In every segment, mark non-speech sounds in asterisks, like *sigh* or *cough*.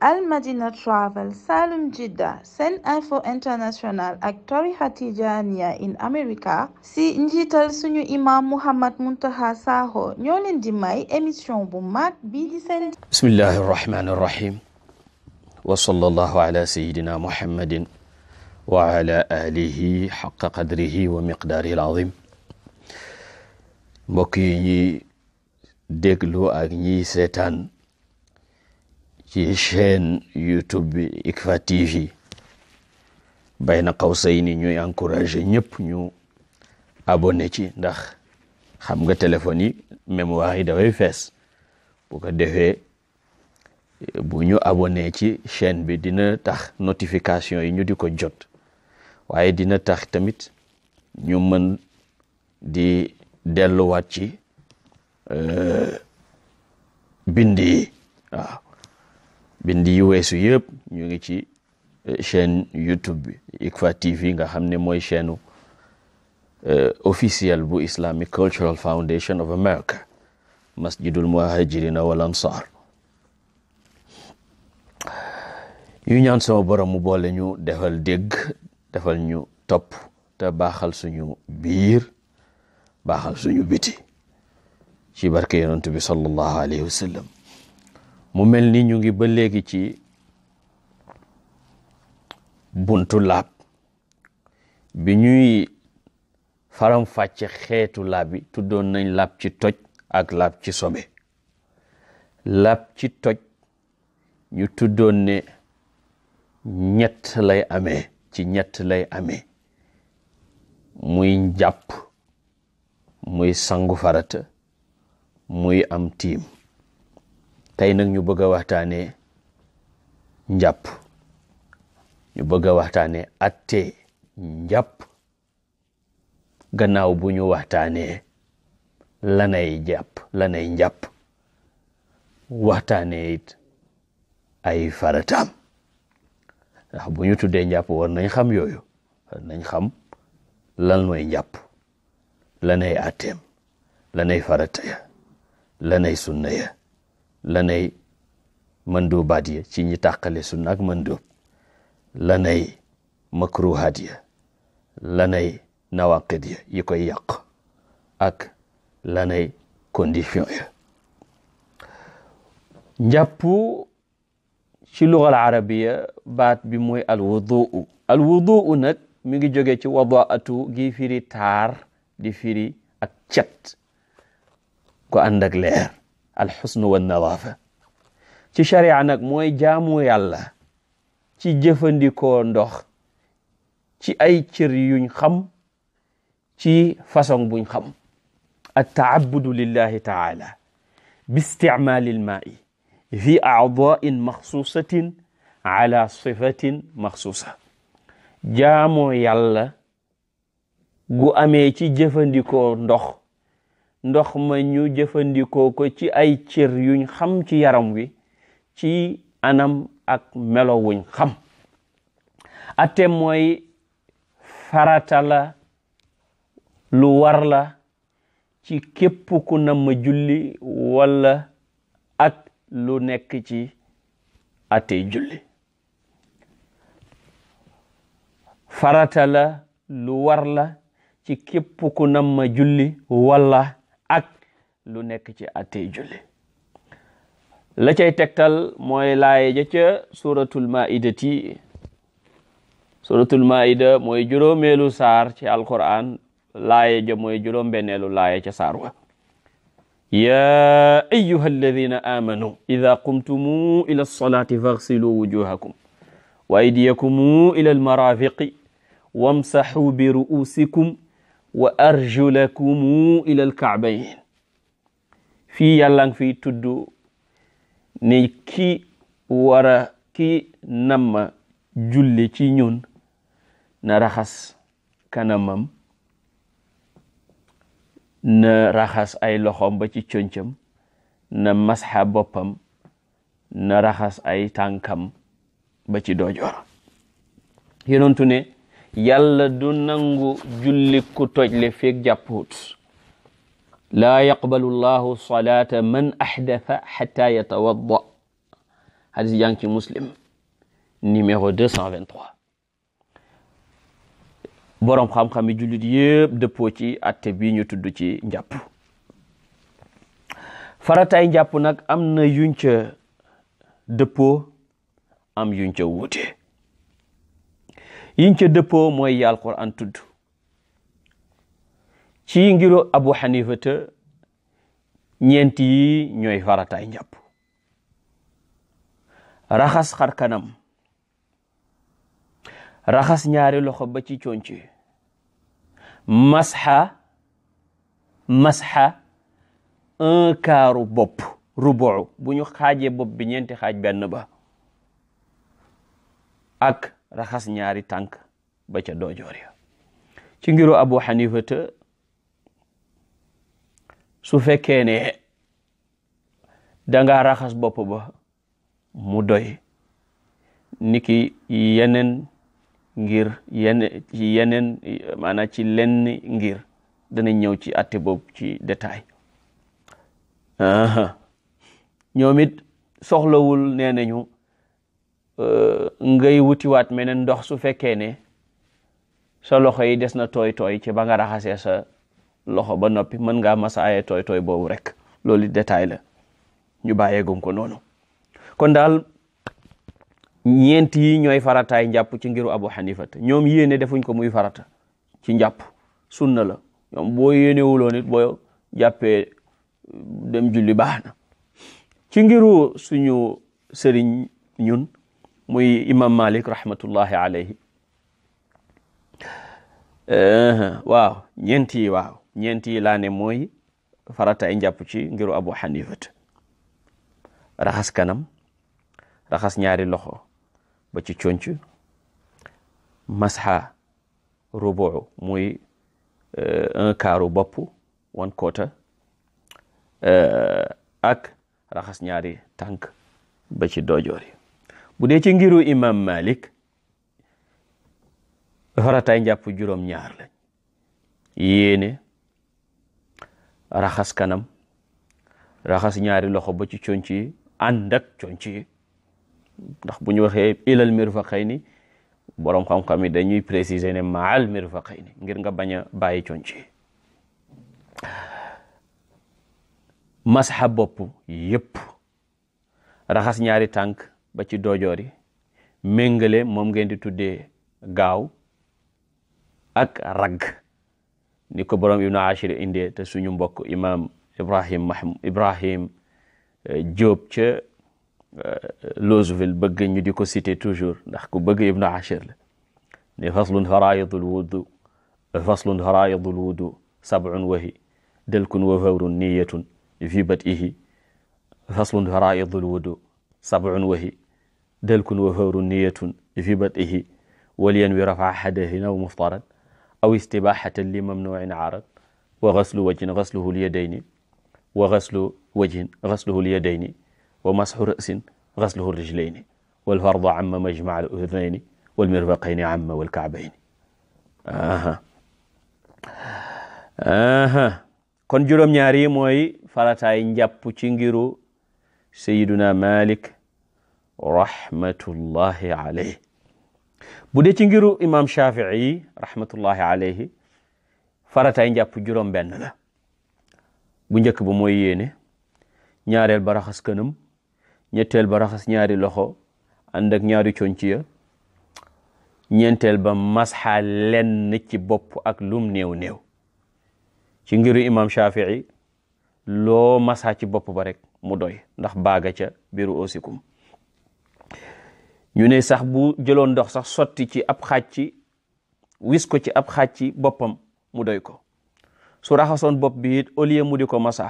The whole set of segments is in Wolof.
al madina travel salum jidda sen info international ak tarixa tijaniya in america si njiital suñu imam muhammad muntaha sakho ñoo leen di may émission bu mag bii di seen bismillahi arrahmani arrahim wa sallallahu ala sayidina muhammadin wa ala alihi xaqa qadrihi wa miqdaarihi alazim mbokk yi ñi déglu ak ñi seetaan ci chaîne YouTube bi ICFA TV bayna xawsay ni ñuy encouragé ñëpp ñu abonné ci ndax xam nga téléphone yi mémoire yi dafay fees bu ko defee bu ñu abonné ci chaîne bi dina tax notification yi ñu di ko jot waaye dina tax tamit ñu mën di delluwaat ci euh, bind yi waaw bindi yi weesu yëpp ñu ngi ci eh, chaîne YouTube bi ICFA TV nga xam ne mooy chaîne eh, officielle bu Islamic Cultural Foundation of America masjidul muhajirina wal ansar ñu ñaan sama borom mu boole ñu defal dégg defal ñu topp te baaxal suñu biir baaxal suñu biti ci barke yonent bi sallallahu alayhi wa mu mel ni ñu ngi ba léegi ci buntu laab bi ñuy faram fàcce xeetu laab bi tuddoon nañ laab ci toj ak laab ci sobe laab ci toj ñu tuddoon ne ñett lay ci ñett lay amee muy njàpp muy sangu farata muy am tiim tey nag ñu bëgg a waxtaanee njàpp ñu bëgg a waxtaanee atte njàpp gannaaw bu ñu waxtaanee lanay jàpp lanay njàpp waxtaanee it ay farataam ndax bu ñu tuddee njàpp war nañ xam yooyu war nañ xam lan mooy njàpp lanay atteem lanay farata ya lanay lanay mandoobaat ya ci ñi tàqale sunna ak mandoob lanay makruhaat ya lanay nawaqid ya yi koy yàq ak lanay condition ya njàpp ci lugal arabiya baat bi mooy alwuduu alwuduu nag mi ngi joge ci atu gi firi taar di firi ak cet ko ànd leer alxusnu wa nadaafa ci sharia nag mooy jaamu yàlla ci jëfandikoo ndox ci ay cër yuñ xam ci façon buñ xam attaabudu lillahi taala bi isticmaali lmaai fi aadaain maxsuusatin ala sifatin maxsuusa jaamoo yàlla gu amee ci jëfandikoo ndox ndox ma ñu jëfandikoo ko ci ay cër yuñ xam ci yaram wi ci anam ak melo wuñ xam ate mooy farata lu warla la ci képp ku julli wala ak lu nekk ci atey julli farata la lu war la ci képp ku julli walla ak lu nekk ci attey julli la cay tegtal mooy laaye ja ca suratul maidati suratul maida mooy juróomeelu saar ci alquran laaye ja mooy juróom benneelu laaye ca saar wa ya ayuha alladina amanu ida qumtumu ila alsolati faghsilu wujuhakum wa aydiyakum ila almarafiqi wamsaxuu bi ru'usikum wa arjulakumu ila alkaabayn fii yàlla ngi fiy tudd ni ki wara ki namma julli ci ñun na raxas kanamam na raxas ay loxom ba ci coñcam na masxa boppam na raxas ay tànkam ba ci doojoor yonontu ne yàlla du nangu julli ku toj le la jàppuut laa yaqbalu llahu salaata man ahdatha xata hadis jàng muslim numéro 223 boroom xam-xam yi jullit yëpp dëppoo ci atte bii ñu tudd ci njàpp farataay njàpp nag am na yuñ ca am yuñ ca yiñ ca dëppoo mooy yi alquran tudd ci ngiro abu xanifa te ñeent yi ñooy farataay njàpp raxas xar kanam raxas ñaari loxo ba ci conci masxa masxa un quart bopp rubu bu ñu xaajee bopp bi ñeenti xaaj benn ba ak raxas ñaari tànk ba ca doojoor ya ci Abu Hanifa te su fekkee ne danga raxas bopp ba mu doy niki yeneen ngir yeneen ci yeneen maanaam ci lenn ngir dana ñëw ci atte boobu ci détail ñoom it soxlawul nee nañu Euh, ngay wutiwaat meneen ndox su fekkee ne sa loxo yi des na tooy tooy ci ba nga raxasee sa loxo ba noppi mën ngaa masa aye tooy tooy boobu rek loolu détail la ñu bàyyeegum ko noonu kon daal ñeent yi ñooy farataay njàpp ci ngiru Abu Hanifa ñoom yéene defuñ ko muy farata ci njàpp sunna la ñoom boo yéenewuloon it boo jàppee dem julli baax ci ngiru suñu sëriñ ñun muy imam malik rahmatullahi alayhi waaw ñeent yi mooy farata ay njàpp ci ngiru abu xanifat raxas kanam raxas ñaari loxo ba ci conc masxa rubu muy eh, un quart bopp one quarter eh, ak raxas ñaari tànk ba ci doojoor bu dee ci ngiru imam malik faratay njàpp juróom-ñaar lañ yéene raxas kanam raxas ñaari loxo ba ci conc yi ànd ak conc yi ndax bu ñu waxee ilal mirfaqayni borom xam-xam yi dañuy préciser ne maal mirfaqayni ngir nga bañ a bàyyi conc yi masxa bopp yépp raxas ñaari tànk ba ci doojoor yi méngale moom ngeen di tuddee gaaw ak rag ni ko boroom ibnu ashir indee te suñu mbokk imam ibrahim mahmud ibrahim eh, Diop ca eh, Lozuville bëgg ñu di ko citer toujours ndax ku bëgg ibnu ashir la ne faslun faraidul wudu faslun faraidul wudu sabun wahi dëlkun wa fawrun niyatun fi bat ihi faslun faraidul wudu sabun wahi دلك وفور نية في بدئه ولينوي رفع حدث أو مفطرا أو استباحة لممنوع عارض وغسل وجه غسله اليدين وغسل وجه غسله اليدين ومسح رأس غسله الرجلين والفرض عم مجمع الأذنين والمرفقين عم والكعبين aha aha kon juróom-ñaar yi mooy farataay njàpp ci ngiru sayiduna malik rahmatullahi alayhi bu dee ci ngiru imam Shafi'i rahmatullahi alayhi farataay njàpp juróom benn la bu njëkk ba mooy yéene ñaareel ba raxas kanam ñetteel ba raxas ñaari loxo ànd ak ñaari conci ya ba masxa lenn ci bopp ak lum néew néew ci ngiru imam Shafi'i loo masxa ci bopp ba rek mu doy ndax baaga ca biiru osikum ñu ne sax bu jëloon ndox sax sotti ci ab xaaj ci ko ci ab xaaj boppam mu doy ko su raxasoon bopp bi it au lieu mu di ko masa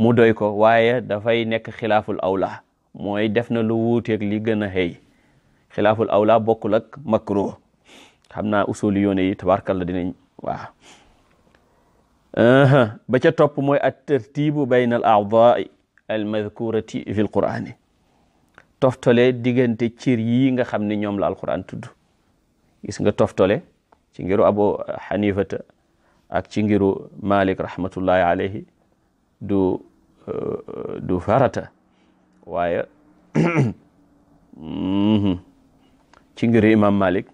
mu doy ko waaye dafay nekk xilaaful awla mooy def na lu wuuteeg li gën a xëy xilaaful awla bokkul ak makruh xam naa usuli yoone yi tabarkalla dinañ waaw ba ca topp mooy at tartibu bayna al a'daa'i al madkurati fi l toftale diggante cir yii nga xam ni ñoom la alquran tudd gis nga toftale ci ngiru abu xanifata ak ci ngiru malik rahmatullahi alayhi du euh, du farata waaye *clears throat* mhm, ci ngiru imam malik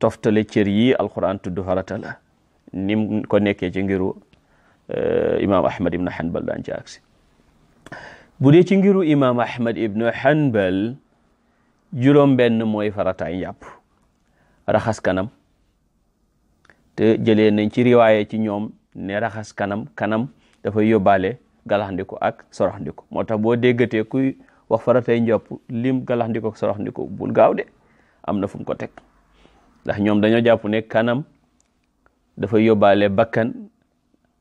toftale cër yi alquran tudd farata la nim ko nekkee ci ngiru euh, imam ahmad ibn hanbal daan ci agsi bu dee ci ngiru imaam ahmad ibnu hanbal juróom benn mooy farataay njàpp raxas kanam te jëlee nañ ci riwaaye ci ñoom ne raxas kanam kanam dafay yóbbaale galaxndiku ak soraxndiku moo tax boo déggatee kuy wax faratay njàpp lim galaxndiku ak soraxndiku bul gaaw de am na fu mu ko teg ndax ñoom dañoo jàpp ne kanam dafa yóbbaale bakkan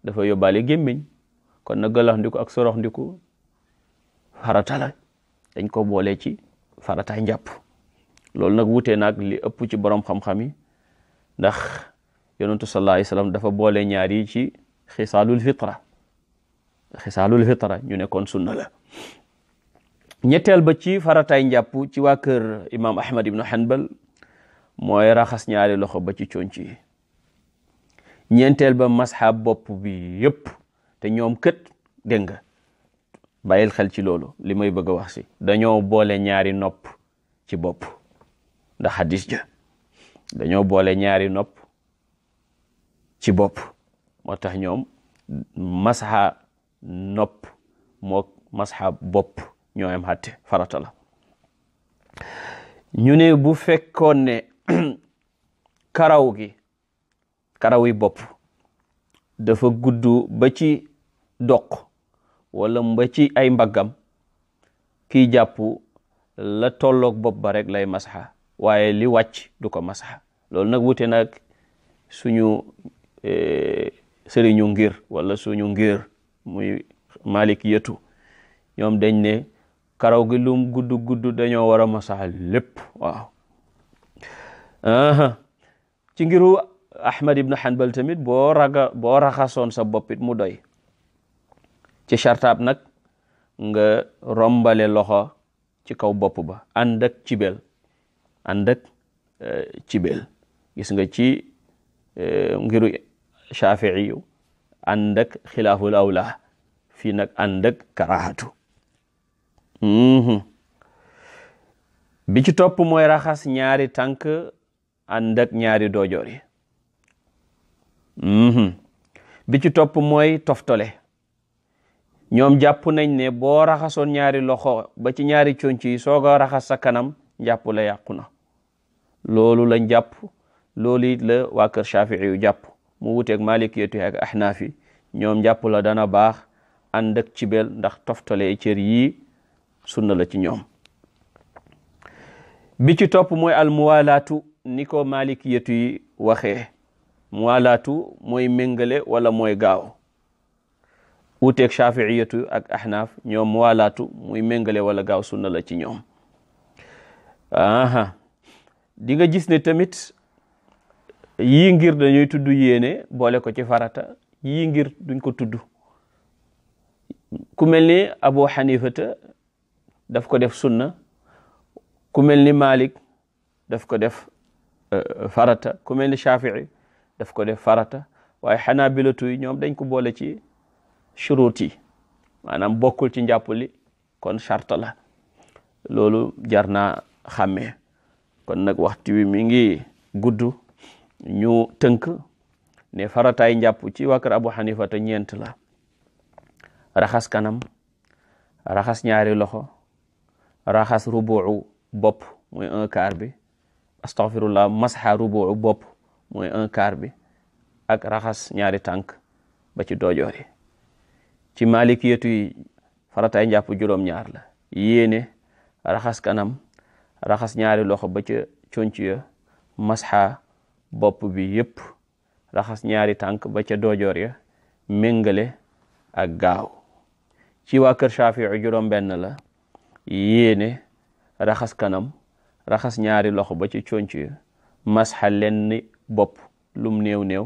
dafa yóbbaale gémmiñ kon nag galaxndiku ak soraxndiku farata la dañ ko boole ci farataay njàpp loolu nag wutee nag li ëpp ci borom xam-xam yi ndax yonentu sallallahu alayhi dafa boole ñaar yi ci xisaalul fitra xisaalul fitra ñu nekkoon sunna la ñetteel ba ci farataay njàpp ci waa kër imam ahmad ibnu hanbal mooy raxas ñaari loxo ba ci conc yi ñeenteel ba masxab bopp bi yëpp te ñoom kët dégg nga bàyyil xel ci loolu li may bëgg a wax si dañoo boole ñaari nopp ci bopp ndax hadis ja dañoo boole ñaari nopp ci bopp moo tax ñoom masaxa nopp moo masaxa bopp ñoo am xatte farata la ñu ne bu fekkoon ne *clears throat* karaw gi karaw yi bopp dafa gudd ba ci doq wala mba ci ay mbaggam kiy jàpp la tollook bopp ba rek lay masaxa waaye li wàcc du ko masaxa loolu nag wute nag suñu e, sëriñu ngir wala suñu ngir muy malik yetu ñoom dañ ne karaw gi lum gudd gudd dañoo war a masaxa lépp waaw ngiru ahmad ibn hanbal tamit boo raga sa boppit mu doy ci chartaab nag nga rombale loxo ci kaw bopp ba ànd ak cibel ànd ak eh, cibel gis nga ci eh, ngiru shafii yu ànd ak xilaaful awla fii nag ànd ak karaxatu mm-hmm. bi ci topp mooy raxas ñaari tànk ànd ak ñaari doojoor yi mm-hmm. bi ci topp mooy toftole ñoom jàpp nañ ne boo raxasoon ñaari loxo ba ci ñaari conc yi soog a raxas sa kanam jàpp la yàqu na loolu la jàpp loolu it la waa kër Shafii jàpp mu wuteeg malikiyatu ak ahnaaf yi ñoom jàpp la dana baax ànd ak cibel ndax toftale cër yii sunna la ci ñoom bi ci topp mooy almuwalaatu ni ko malikiyatu yi waxee muwalaatu mooy méngale wala mooy gaaw wuuteeg shafiiyatu ak ahnaaf ñoom waalaatu muy méngale wala gaaw sunna la ci ñoom aha di nga gis ne tamit yii ngir dañuy tudd yéene boole ko ci farata yii ngir duñ ko tudd ku mel ni abu xanifata daf ko def sunna ku mel ni malik daf ko def euh, farata ku mel ni shafii daf ko def farata waaye xanaabilatu yi ñoom dañ ko boole ci shuruut yi maanaam bokkul ci njàpp li kon charte la loolu jar naa xàmmee kon nag waxtu wi mi ngi gudd ñu tënk ne farataay njàpp ci waa Abu Hanifa te ñeent la raxas kanam raxas ñaari loxo raxas rubu'u bopp mooy un quart bi astaghfirullah masxa rubu'u bopp mooy un quart bi ak raxas ñaari tànk ba ci doojoor ci malikiyatu yi farataay njàpp juróom-ñaar la yéene raxas kanam raxas ñaari loxo ba ca conc ya masxa bopp bi yépp raxas ñaari tànk ba ca doojoor ya méngale ak gaaw ci waa kër Shaafi'i juróom benn la yéene raxas kanam raxas ñaari loxo ba ci conc ya masxa lenn bopp lum néew néew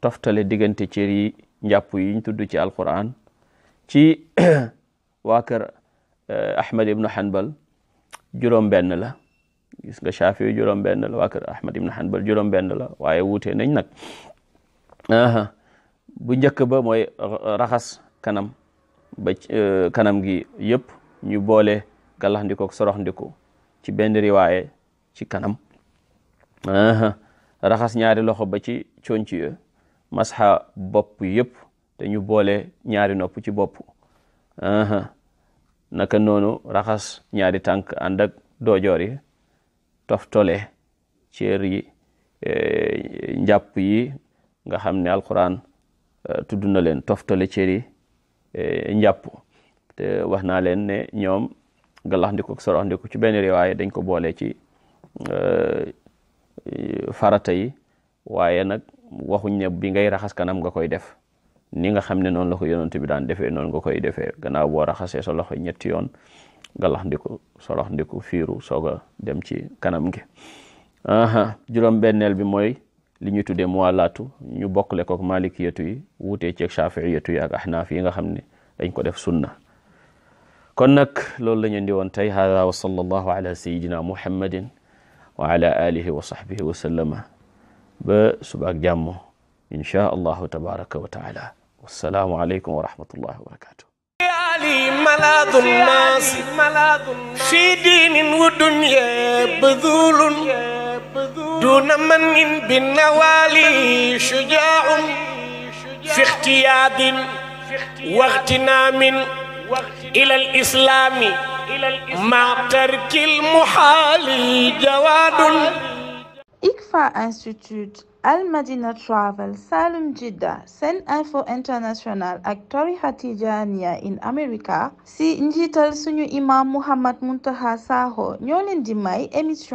toftale diggante cër yi njàpp yiñ tudd ci alquran ci *clears throat* eh, waa kër Ahmad ibn Hanbal juróom benn la gis nga Shafi'i juróom benn la waa kër Hanbal juróom benn la waaye wuute nañ nag bu njëkk ba mooy raxas kanam ba eh, kanam gi yëpp ñu boole gàllaxndikook soroxndiko ci benn riwaaye ci kanam raxas ñaari loxo ba ci conci masxa bopp yëpp dañu boole ñaari nopp ci bopp naka noonu raxas ñaari tànk ànd ak doojoor yi toftole cër yi e, njàpp yi nga xam ne alquran e, tudd na leen toftole cër yi e, njàpp te wax naa leen ne ñoom galax ndiko sorox ndiko ci benn riwaay dañ ko boole ci farata yi waaye nag waxuñ ne bi ngay raxas kanam nga koy def ni nga xam ne noonu la ko yonent bi daan defee noonu nga koy defee gannaaw boo raxasee sa loxo ñetti yoon nga lax ndiku sa lax ndiku fiiru soog a dem ci kanam gi juróom-benneel bi mooy li ñu tuddee muwalaatu ñu bokkle kook malikiyatu yi wuutee ceeg shafiyatu yi ak ahnaaf yi nga xam ne dañ ko def sunna kon nag loolu la ñu indi woon tey hada wa sallallahu ala sayidina muhammadin wa ala alihi wa sahbihi wa sallama ba subaak jàmm insha allahu tabaraka wa taala wassalaamu aleykum wa rahmatullahi wa barakatuh علي ملاذ الناس في دين ودنيا بذول دون من بالنوالي شجاع في اختياد واغتنام إلى الإسلام مع ترك المحال جواد ICFA Institute Al Madina Travel Salum Jidda SeneInfo International ak tarixa Tijaaniya in America si njiital suñu imam Muhammad Muntaqa Sakho ñoo leen di may émission